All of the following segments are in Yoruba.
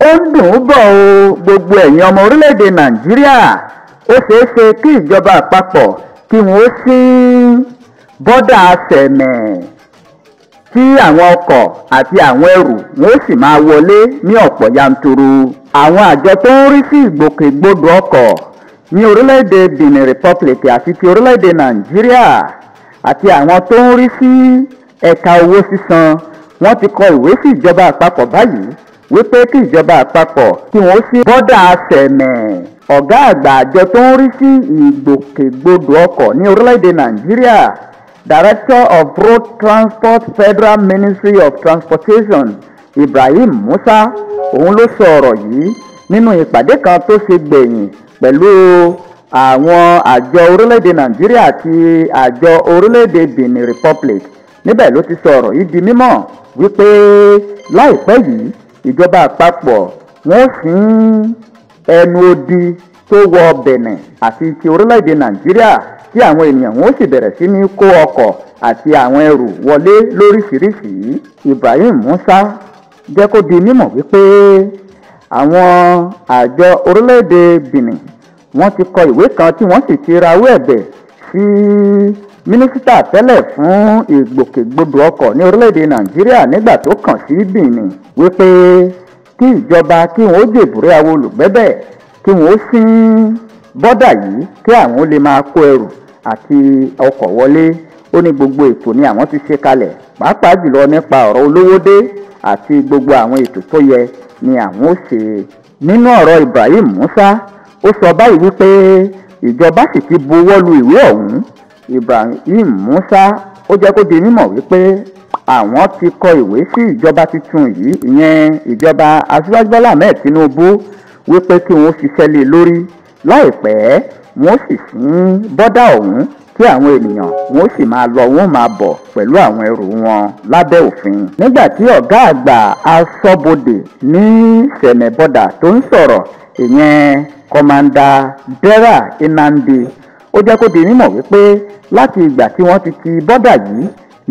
ó ń dùn ún bọ̀ o gbogbo ẹ̀yin ọmọ orílẹ̀-èdè nàìjíríà ó ṣeé ṣe kí ìjọba àpapọ̀ kí wọ́n sí bọ́dà sẹ̀mẹ̀ tí àwọn ọkọ̀ àti àwọn ẹrù wọn ó sì máa wọlé ní ọ̀pọ̀ yanturu àwọn àjọ tó ń rí sí ìgbòkègbodò ọkọ̀ ní orílẹ̀-èdè benin republic àti ti orílẹ̀-èdè nàìjíríà àti àwọn tó ń rí sí ẹ̀ka owó sísan wọ́n ti kọ ìwé sí ìjọba àpapọ̀ báyìí wípé kí ìjọba àpapọ̀ kí wọ́n sí bọ́dà sẹ̀mẹ̀ ọ̀gá àgbà àjọ tó ń rí sí ìgbòkègbodò ọkọ̀ ní orílẹ̀-èdè nàìjíríà director of road transport federal ministry of transportation ibrahim musa òun ló sọ ọ̀rọ̀ yìí nínú ìpàdé kan tó ṣe gbẹ̀yìn pẹ̀lú àwọn àjọ orílẹ̀-èdè nàìjíríà àti àjọ orílẹ̀-èdè benin republic níbẹ̀ ló ti sọ ọ̀rọ̀ yìí di mímọ̀ wípé láìpẹ́ yìí ìjọba àpapọ̀ wọ́n fi ń ẹnu odi tó wọ bẹ̀nẹ̀ àti ti orílẹ̀-èdè nàìjíríà tí àwọn ènìyàn wọ́n sì bẹ̀rẹ̀ sí ní kó ọkọ̀ àti àwọn ẹrù wọlé lóríṣìíríṣìí ibrahim musa jẹ́ kó di mímọ̀ wípé àwọn àjọ orílẹ̀-èdè benin wọ́n ti kọ ìwé kan tí wọ́n sì ti rawọ́ ẹ̀bẹ̀ sí mínísítà tẹ́lẹ̀ fún ìgbòkègbodò ọkọ̀ ní orílẹ̀-èdè nàìjíríà nígbà tó kàn sí bìnnì wípé kí ìjọba kí wọn ó dèbúrẹ́ àwọn olùgbẹ́bẹ̀ kí wọn ó sín bọ́dà yìí kí àwọn lè máa kó ẹrù àti ọkọ̀ wọlé ó ní gbogbo ètò ni àwọn ti ṣe kalẹ̀ pàápàá jùlọ nípa ọ̀rọ̀ olówódé àti gbogbo àwọn ètò tó yẹ ni àwọn ó ṣe nínú ọ̀rọ̀ Ibrahim Musa ó sọ báyìí wípé ìjọba sì ti buwọ́ lu ìwé ọ̀hún ibrahim musa ó jẹ́ kó di mímọ̀ wípé àwọn ti kọ ìwé sí ìjọba tuntun yìí ìyẹn ìjọba aṣíwájú bọ́lá ahmed tinubu wípé kí wọ́n ṣiṣẹ́ lé lórí láìpẹ́ wọ́n sì ṣí bọ́dà ọ̀hún kí àwọn ènìyàn wọ́n sì máa lọ wọ́n máa bọ̀ pẹ̀lú àwọn ẹrù wọn lábẹ́ òfin. nígbà tí ọ̀gá àgbà aṣọ́bodè ní sẹ̀mẹ̀bọ́dà tó ń sọ̀rọ̀ ìyẹn kọ́mándà dẹ́rà ìnàndé ó jẹ́ kó di mímọ̀ wípé láti ìgbà tí wọ́n ti ti bọ́dà yìí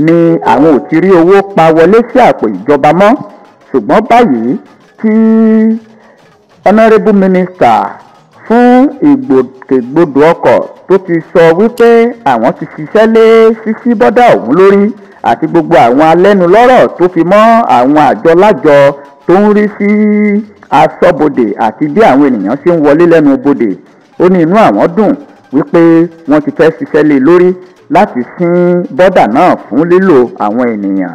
ni àwọn ò ti rí owó pa wọlé sí àpò ìjọba mọ́ ṣùgbọ́n báyìí tí honourable minister fún ìgbòkègbodò ọkọ̀ tó ti sọ wípé àwọn ti ṣiṣẹ́ lé ṣíṣí bọ́dà ọ̀hún lórí àti gbogbo àwọn alẹ́nulọ́rọ̀ tó fi mọ́ àwọn àjọ lájọ tó ń rí sí aṣọ́bodè àti bí àwọn ènìyàn ṣe ń wọlé lẹ́nu bodè ó ní inú àwọn dùn wípé wọ́n ti fẹ́ ṣiṣẹ́ lé lórí láti ṣín bọ́dà náà fún lílò àwọn ènìyàn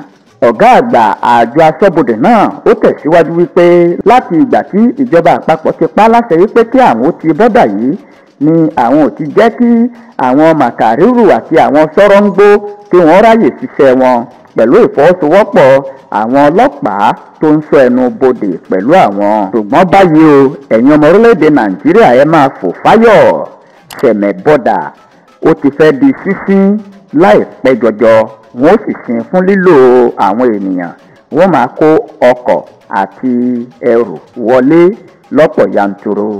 ọ̀gá àgbà àjọ aṣọ́bodè náà ó tẹ̀síwájú wípé láti ìgbà tí ìjọba àpapọ̀ ti pa láṣẹ wípé kí àwọn ó ti bọ́dà yìí ni àwọn ò ti jẹ́ kí àwọn màkàrírù àti àwọn sọ́rọ́ ń gbó kí wọ́n ráyè ṣiṣẹ́ wọn pẹ̀lú ìfọwọ́sowọ́pọ̀ àwọn ọlọ́pàá tó ń sọ ẹnu bodè pẹ̀lú àwọn. ṣùgbọ́n báyìí o ẹ̀yin ọmọ orílẹ̀-èdè nàìjíríà ẹ máa fò fáyọ̀ sẹ̀mẹ̀ bọ́dà ó ti fẹ́ di sísín láìpẹ́ jọjọ wọn ó sì sin fún lílò àwọn ènìyàn wọ́n máa kó ọkọ̀ àti ẹrù wọlé lọ́pọ̀ yanturu.